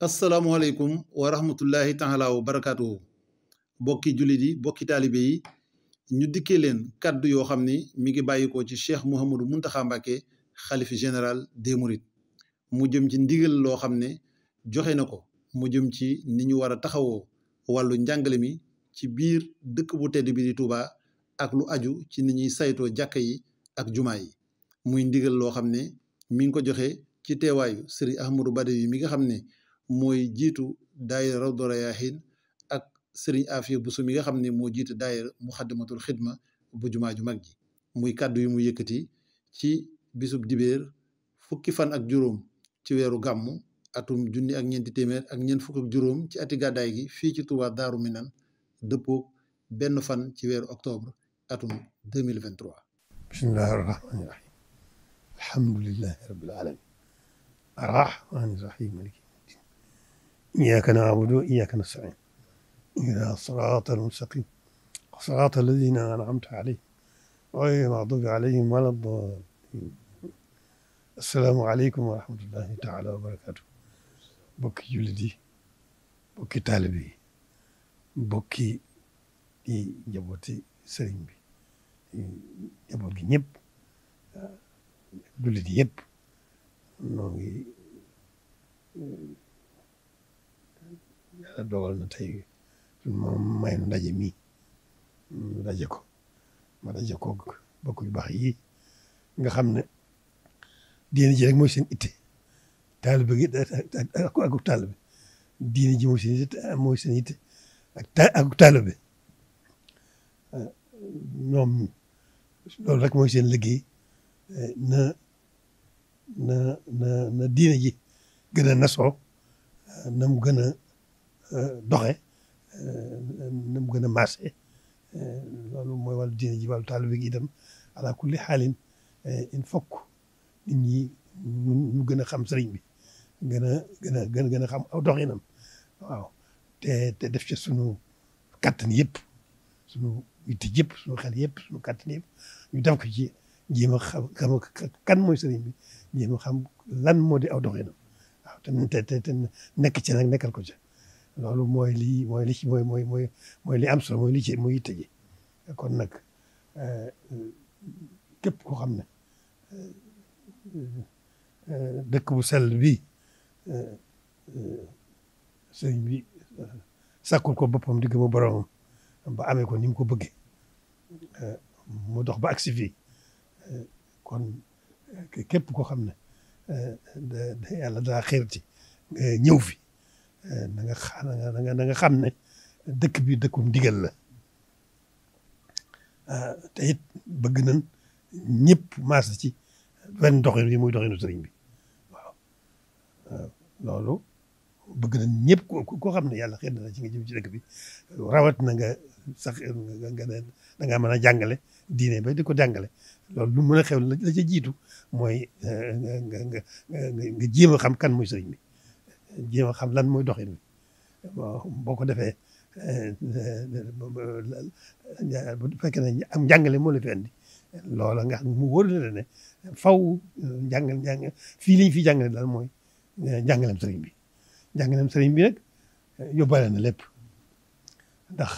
asalaamualeykum wa rahmatullahi taala wa barakaatuhu bokki jullit yi bokki taalibe yi ñu dikkee leen kàddu yoo xam ni mi ngi bàyyikoo ci cheikh Mouhamadou Mountakha Mbacké xalifi général des mu jëm ci ndigal loo xam ne joxe na ko mu jëm ci ni ñu war a taxawoo wàllu njàngale mi ci biir dëkk bu tedd bi di Touba ak lu aju ci ni ñuy saytoo jàkka yi ak jumaa yi muy ndigal loo xam ne mi ngi ko joxe ci teewaayu sëriñ Ahmadou yi mi nga xam ne mooy jiitu daayira Rawdu Rayaahiin ak sëriñ Afiya Buso mi nga xam ne moo jiitu daayira Muxaddamatul Xidma bu jumaa ju mag ji muy kàddu yu mu yëkkati ci bisub dibeer fukki fan ak juróom ci weeru gàmmu atum junni ak ñeenti téeméer ak ñeent fukk ak juróom ci ati gàddaay gi fii ci Touba Daaru Minan dëppoo benn fan ci weeru octobre atum 2023 bismillahi rahmaani rahim إياك نعبد وإياك نستعين إلى صراط المستقيم صراط الذين أنعمت عليهم غير المغضوب عليهم ولا الضالين السلام عليكم ورحمة الله تعالى وبركاته bokki jullit yi bokki taalibe yi bokki di njabooti sëriñ bi njaboot gi ñëpp jullit yi yëpp noo ngi yàlla na tey moom may nu ndaje mi ñu daje ko ma daje koog bokk yu baax yi nga xam ne diine ji rek mooy seen itte taalibe gi ak ak taalibe ji mooy seen itte mooy seen itte ak ñoom loolu rek mooy seen liggéey na na na na diine ji gën nasoo na mu gën a Euh, doxe euh, na mu gën a marché euh, loolu mooy wàllu diine ji wàllu taalibe gi itam ala kulli xaalin in fokk nit ñi ñu gën a xam sëriñ bi gën a gën a gën gën a xam aw doxinam waaw te te def ci sunu kattan yëpp sunu yitte yëpp sunu xel yëpp sunu kattan yëpp ñu def ko ci jéem a xam kan mooy sëriñ bi jéem xam lan moo di aw doxinam waaw te te te nekk ci nag nekkal ko ci. loolu mooy lii mooy li ci mooy mooy mooy mooy li am solo mooy muy itte ji kon nag euh, euh, képp koo xam ne euh, dëkk bu sell bii sëriñ bi sàkkul ko boppam digg mu boromam ba amee ko ni ko bëgge mu dox ba agsi fii kon képp koo xam ne da yàlla daa xeerti ñëw fi na nga xam na nga xam ne dëkk bi dëkkum ndigal la ah, te it bëgg nañ ñëpp maasa ci benn doxin bi muy doxinu sëriñ bi waaw ah, loolu bëgg nañ ñëpp koo xam ne yàlla xëy na ci nga jëm ci dëkk bi rawat na nga sax nga ne da mën jàngale diine ba di ko jàngale loolu lu mën a xew la ca jiitu mooy eh, nga nga nga jéem a xam kan muy sëriñ bi jéem a xam lan mooy doxin boo ko defee bu fekkee am njàngale moo la fi andi loola nga mu wóor la faw njàngal njàng fii liñ fi jàngale daal mooy njàngalem sëriñ bi njàngalem sëriñ bi nag na lépp ndax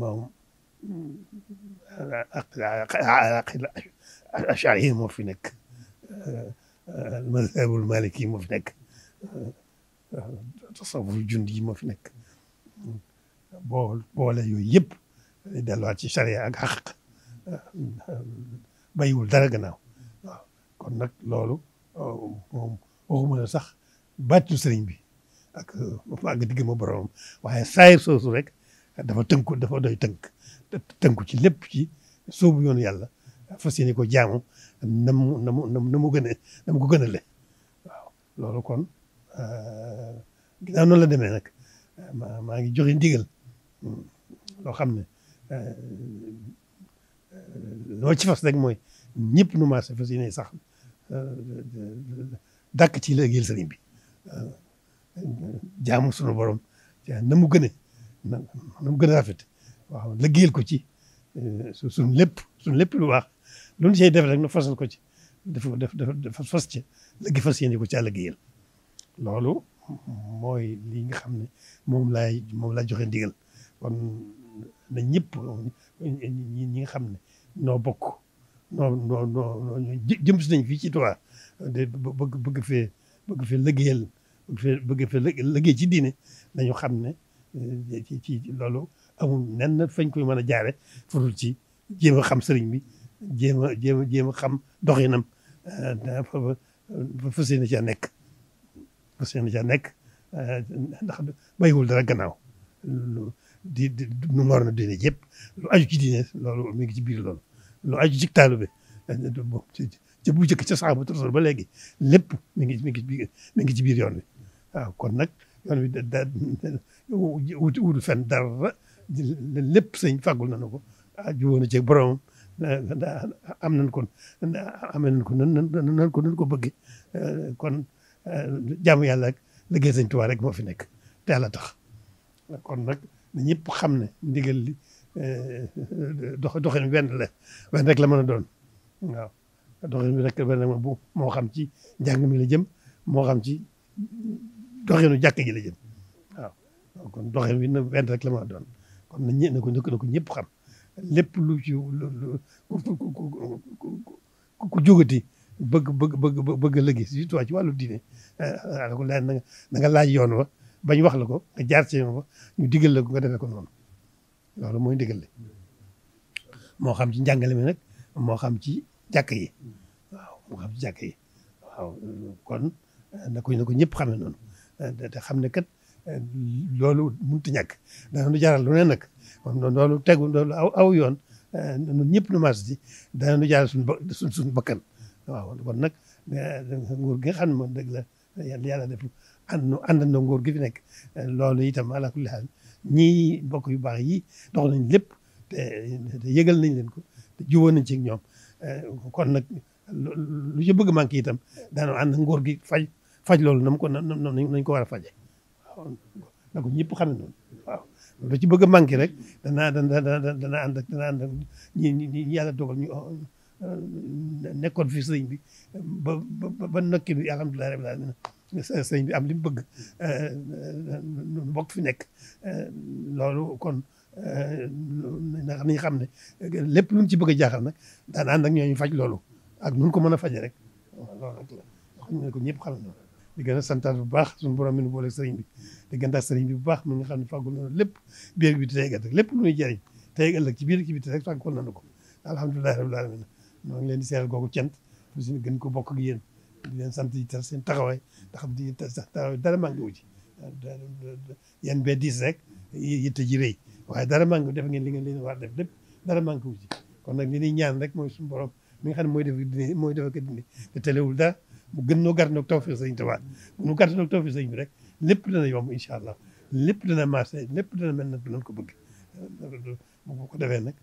moom aqida ashari moo fi nekk mazhabul maliki moo fi nekk tasawuf jund yi moo fi nekk boo boole yooyu yëpp delluwaat ci charia ak xaq eh, bàyyiwul dara gannaaw waaw kon nag loolu eh, moom waxuma la sax bàttu sëriñ bi ak ak eh, digg ma boromam waaye saayir soosu rek dafa tënku dafa doy tënk tënku ci lépp ci soobu yoon yàlla fas yéene ko jaamu na mu gën a ko gën a loolu kon ginnaaw euh, noonu la demee nag maa ngi joxe ndigal loo xam ne euh, euh, loo ci fas rek mooy ñëpp nu maase fas yéene sax dàkk ci liggéeyal sëriñ bi jaamu sunu borom na mu gën na gën a rafet waaw liggéeyal ko ci suñ lépp suñ lépp lu baax lu ñu cay def rek nu fasal ko ci def def fas ci lëggi fas yéene ko ci à liggéeyal loolu mooy li nga xam ne moom laay moom laa joxe ndigal kon na ñëpp ñi nga xam ne noo bokk noo noo noo jëm si nañ fii ci Tuubaa de bëgg bëgg fee bëgg fee liggéeyal bëgg bëgg fee liggéey ci diine nañu xam ne euh, ci loolu amul nen fañ koy mën a jaare fudul ci jéem xam sëriñ bi jéem jéem a jéem a xam doxinam euh, fa fa fas yéene ci a nekk ba Cheikh Ndiaye nekk eh, ndax bàyyiwul dara gannaaw di di nu mu waroon a diine yëpp lu aju ci diine loolu mi ngi ci biir loolu lu aju ci taalibe eh, bi bu njëkk ca saxaabu rasul ba léegi lépp mi ngi mi ngi biir mi ngi ci biir yoon wi waaw kon nag yoon wi da wut wutul fenn dara lépp sëñ fàggul nañu ko juwoon na ci boromam am nañ ko am nañ ko nan nan nan ko nan ko bëgg eh, kon jaamu yàlla ak liggéey sëñ rek moo fi nekk te yàlla tax kon nag ñëpp xam ne ndigal li dox doxin benn la benn rek la mën a doon waaw doxin bi rek benn moo xam ci njàng mi la jëm moo xam ci doxinu jàkk ji la jëm kon doxin wi na benn rek la mën a doon kon na ñë na ko na ko ñëpp xam lépp lu ci lu ku jógati bëgg bëgg bëgg bëgg a liggéey surtout ci wàllu diine euh, ala ko na nga na nga laaj yoon wa bañ wax la ko nga jaar ci yoon wa ñu digal la nga defee ko noonu loolu mooy digal xam ci njàngale mi nag moo xam ci jàkk yi moo xam jàkk yi kon na ko ko ñëpp xamee noonu euh, xam ne euh, loolu mënut ñàkk dana nu jaral lu ne nag loolu tegu loolu aw aw yoon ñun ñëpp nu maas ci dana nu jaral suñu suñ waaw kon nag eh, nguur gi nga xam ne moom dëgg la yàlla def ànd àndandoo nguur gi fi nekk loolu itam ala kulli haal ñii bokk yu baax yi dox nañ lépp te te nañ leen ko te jubóo nañ ci ñoom eh, kon nag lu ci bëgg manqué itam daanoo ànd nguur gi faj faj loolu na mu ko na nañ ko war a faje na ko ñëpp xam ne ci bëgg manqué rek danaa dana dana dana ànd ak ñi ñi yàlla dogal ñu nekkoon fi sëñ bi ba ba nokki bi alhamdulilah rabbil alamin sëñ bi am li mu bëgg euh, nu bokk fi nekk euh, loolu kon euh, nañ xam ne lépp lu ñu ci bëgg a jaaxal nag daan ànd ak faj loolu ak nun ko mën a faje rek waaw loolu nag la xam ne ko ñëpp xam ne di gën a santaat bu baax suñu borom mi nu boole sëriñ bi di gën a sëriñ bi bu baax mi nga xam ne fàggul nañu lépp biir bi tey ëllëg lépp lu ñuy jëriñ tey ëllëg ci biir ci biti rek fàggul nañu ko alhamdulilah rabbil alamin ñoo ngi leen di seeral googu cant pour gën ko bokk ak yéen di leen sant yi tax seen taxawaay ndax di taxawaay dara manqué wu ci yéen bee diis rek yitte ji rëy waaye dara manqué def ngeen li ngeen leen war def lépp dara manqué wu ci kon nag li ñuy ñaan rek mooy suñu borom mi nga xam ne mooy def dindi mooy def ak dindi te telewul dara mu gën noo gàtt noo tawfeex sëñ Tuubaa mu gàtt noo tawfeex sëñ bi rek lépp dana yomb incha allah lépp dana marché lépp dana mel na du ko bëgg bu ko defee nag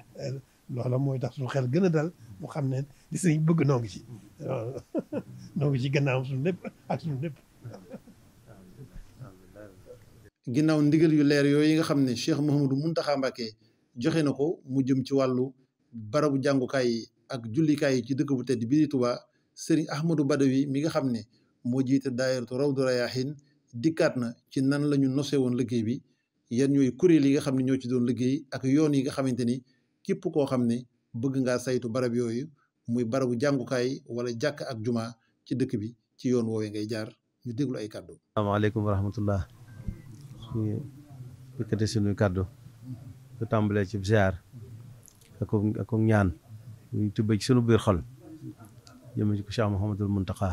loola mooy tax suñu xel gën a dal mu xam ne li sëñ bëgg noo ci noo ci gannaawam suñu lépp ak ndigal yu leer yooyu nga xam ne Cheikh Mouhamadou Mountakha Mbacké joxe na ko mu jëm ci wàllu barabu jàngukaay yi ak jullikaay yi ci dëkk bu tedd bii di Touba Serigne Ahmadou Badawi mi nga xam ne moo jiite daayiratu Rawdu Rayaahin dikkaat na ci nan lañu ñu nosee woon liggéey bi yan ñooy kuréel yi nga xam ne ñoo ci doon liggéey ak yoon yi nga xamante ni képp koo xam ne bëgg ngaa saytu barab yooyu muy barabu jàngukaay wala jàkk ak juma ci dëkk bi ci yoon woowee ngay jaar ñu déglu ay kàddu. asalaamaaleykum wa rahmatullah ñu yëkkate suñuy kàddu ñu tàmbalee ci ziar sunu biir xol jëm ci ko Cheikh Mouhamadul Muntaqa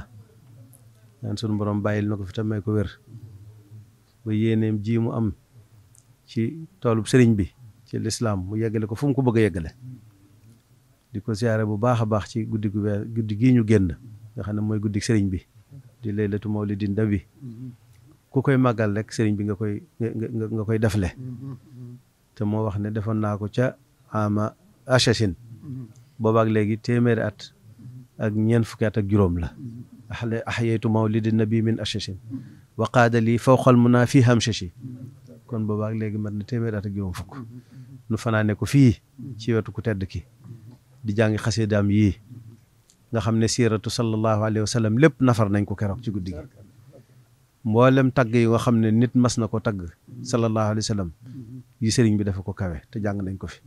ñaan sunu borom bàyyil na ko fi ko wér ba yéeneem ji mu am ci toolub sëriñ bi. ci lislaam mu yeggale ko fu mu ko bëgg a yeggale di ko siyaare bu baax a baax ci guddi gu guddi gii ñu génn nga xam ne mooy guddi sëriñ bi di laylatu mawlidin nabi ku koy màggal rek sëriñ bi nga koy nga nga koy defle te moo wax ne defoon naa ko ca ama achachine boobaak léegi téeméeri at ak ñeent fukki at ak juróom la axyeytu mawlidin nabi min achachine wa qaada lii fawqal munaa fi hamchachi kon boobaak léegi mat na téeméer at ak juróom fukk nu fanaane ko fii ci wetu ku tedd ki di jàngi xasidaam yi nga xam ne siiratu sallallahu alayhi wa lépp nafar nañ ko keroog ci guddi gi mboolem tagg yi nga xam ne nit mas na ko tagg sallallahu alayhi wa yi sëriñ bi dafa ko kawe te jàng nañ ko fi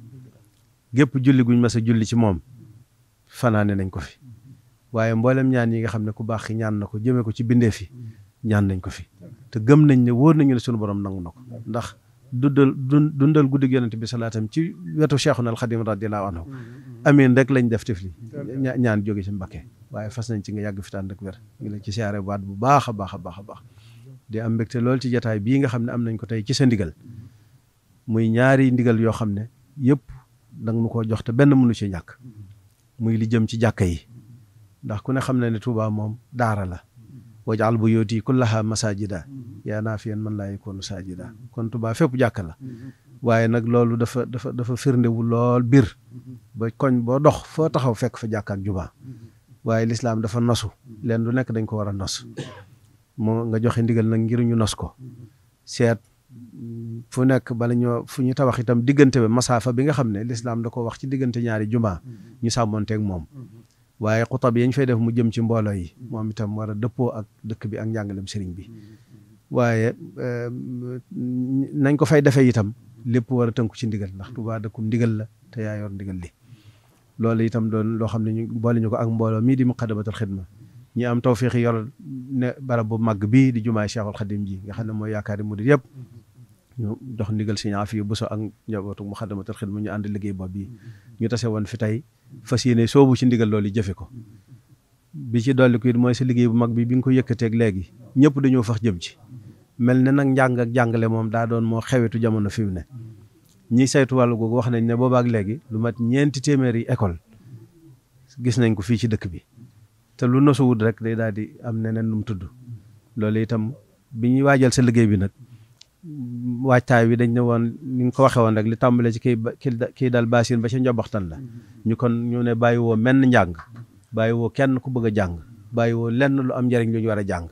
gépp julli guñ mas julli ci moom fanaane nañ ko fi waaye mboolem ñaan yi nga xam ne ku baax yi ñaan na ko jëmee ko ci bindee fi ñaan nañ ko fi te gëm nañ ne wóor nañu ne suñu borom nangu na ko ndax dundal dundal guddig yonent bi salaatam ci wetu Cheikhuna al Xadim radiyallahu anhu mm, mm, mm. amiin rek lañ def tef li ñaan jóge ci Mbakke waaye fas nañ ci nga yàgg fi taan rek wér ngi la ci siyaare waat bu baax a baax a baax a baax di am mbégte lool ci jataay bii nga xam ne am nañ ko tey ci sa ndigal muy ñaari ndigal yoo xam ne yëpp danga ma koo jox te benn mënu ci ñàkk muy li jëm ci jàkka yi ndax ku ne xam na ne Tuubaa moom daara la bu wajal buyuti kullaha masajida mm-hmm. yaa naa naafiyan man laa yakuunu saajida mm-hmm. kon Tuubaa fépp jàkk la mm-hmm. waaye nag loolu dafa dafa dafa firndewu lool biir ba koñ boo dox foo taxaw fekk fa jàkk ak jubaa waaye lislaam dafa nosu leen lu nekk dañ ko war a nos moo nga joxe ndigal nag ngir ñu nos ko seet fu nekk bala ñoo fu ñu tabax itam diggante bi masaafa bi nga xam ne lislaam da ko wax ci diggante ñaari jumaa ñu sàmmonteeg moom waaye xutab yañ fay def mu jëm ci mbooloo yi mm-hmm. moom itam war dëppoo ak dëkk bi ak njàngalem sëriñ bi mm-hmm. waaye eh, nañ ko fay defee itam mm-hmm. lépp wara a si ci ndigal ndax Tuubaa dëkkum ndigal la te yaa yor ndigal li loolu itam doon loo xam ne ñu boole ñu ko ak mbooloo mii di muqaddamatul xidma ñi am tawfiix yor ne barab bu mag bii di jumaay Cheikhul Xadim ji nga xam ne mooy yaakaari murid yëpp ñu jox ndigal si ñaaf yi bu so ak njabootu muqaddamatul xidma ñu ànd liggéey boobu bi ñu tase woon fi tey fas yéene soobu ci ndigal loolu jëfe ko bi ci dolli ko it mooy sa liggéey bu mag bi bi nga ko yëkkateeg léegi ñëpp dañoo fax jëm ci mel ne nag njàng ak jàngale moom daa doon moo xewetu jamono fi mu ne ñi saytu wàllu googu wax nañ ne ak léegi lu mat ñeenti téeméeri école gis nañ ko fii ci dëkk bi te lu nosuwut rek day daal di am neneen lu mu tudd loolu itam bi ñuy waajal sa liggéey bi nag waajtaay wi dañ ne woon ni nga ko waxee woon rek li tàmbale ci kii kii dal baasin ba ci njobaxtan la ñu kon ñu ne bàyyi woo menn njàng bàyyi woo kenn ku bëgg a jàng bàyyi woo lenn lu am njariñ lu ñu war a jàng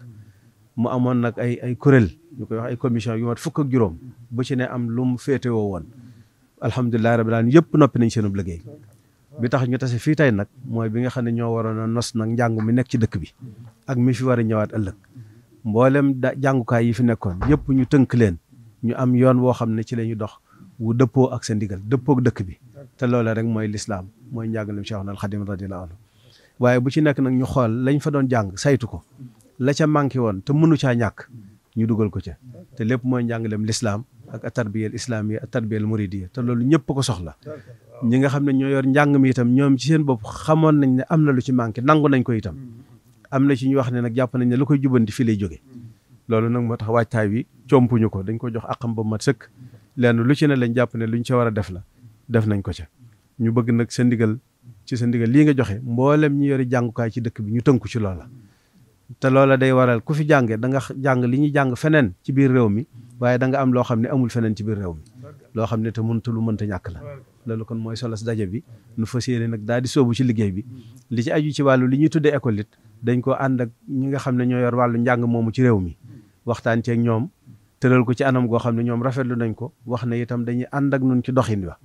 mu amoon nag ay ay kuréel ñu koy wax ay commission yu mat fukk ak juróom bu ci ne am lu mu féetewoo woon alhamdulilahi rabbil alamin yëpp noppi nañ seenub liggéey bi tax ñu tase fii tey nag mooy bi nga xam ne ñoo waroon a nos nag njàng mi nekk ci dëkk bi ak mi fi war a ñëwaat ëllëg mboolem jàngukaay yi fi nekkoon yëpp ñu tënk leen ñu am yoon woo xam ne ci la ñu dox wu dëppoo ak sa ndigal dëppoo dëkk bi te loola rek mooy lislaam mooy njàngalem Cheikhuna al Xadim radiyallahu anhu waaye bu ci nekk nag ñu xool lañ fa doon jàng saytu ko la ca manqué woon te mënu caa ñàkk ñu dugal ko ca te lépp mooy njàngalem lislaam ak atarbiyal islaamiya atarbiyal muridiya te loolu ñëpp ko soxla ñi nga xam ne ñoo yor njàng mi itam ñoom ci seen bopp xamoon nañ ne am na lu ci manqué nangu nañ ko itam mm-hmm. am na ci ñu wax ne nag jàpp nañ ne lu koy jubanti fii lay jóge mm-hmm. compuñu ko dañ ko jox àqam ba mat sëkk lenn lu ci ne lañ jàpp ne luñ ca war a def la def nañ ko ca ñu bëgg nag sa ndigal ci sa ndigal lii nga joxe mboolem ñu yori jàngukaay ci dëkk bi ñu tënku ci loola. te loola day waral ku fi jàngee da nga jàng li ñuy jàng feneen ci biir réew mi waaye da nga am loo xam ne amul feneen ci biir réew mi loo xam ne te mënta lu mënta ñàkk la loolu kon mooy solas daje bi nu fas yéene nag daal di soobu ci liggéey bi li ci aju ci wàllu li ñuy tuddee école it dañ ko ànd ak ñi nga xam ne ñoo yor wàllu njàng moomu ci tëral ko ci anam goo xam ne ñoom rafetlu nañ ko wax ne itam dañuy ànd ak nun ci doxin wa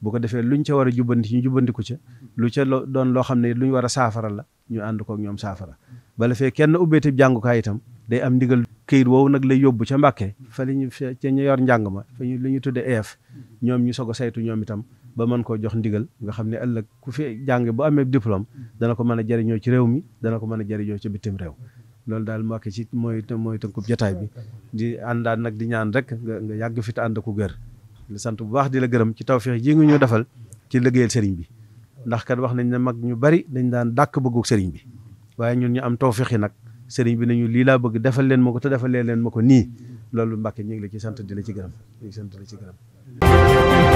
bu ko defee luñ ca war a jubbanti ñu jubbantiku ca lu ca doon loo xam ne lu war a saafara la ñu ànd ko ak ñoom saafara bala fee kenn ubbeetib jàngukaay itam day am ndigal këyit woowu nag lay yóbbu ca Mbàkke fa la ñu ca ñu yor njàng ma fa ñu li ñu tuddee e ñoom ñu soog saytu ñoom itam ba mën koo jox ndigal nga xam ne ëllëg ku fi jàng bu amee diplôme dana ko mën a jëriñoo ci réew mi dana ko mën a jëriñoo ci bitim réew loolu daal mu wàcc ci mooy mooy tënkub jotaay bi di àndaan nag di ñaan rek nga yàgg fi te ànd ko gër di sant bu baax di la gërëm ci tawféex ji nga ñu defal ci liggéeyal sëriñ bi ndax kat wax nañ ne mag ñu bari dañ daan dàkk bëggu sëriñ bi waaye ñun ñu am tawféex yi nag sëriñ bi nañu lii laa bëgg defal leen ma ko te defalee leen ma ko nii loolu Mbàkke ñu ngi la ci sant di la ci gërëm ñu ngi sant di la ci gërëm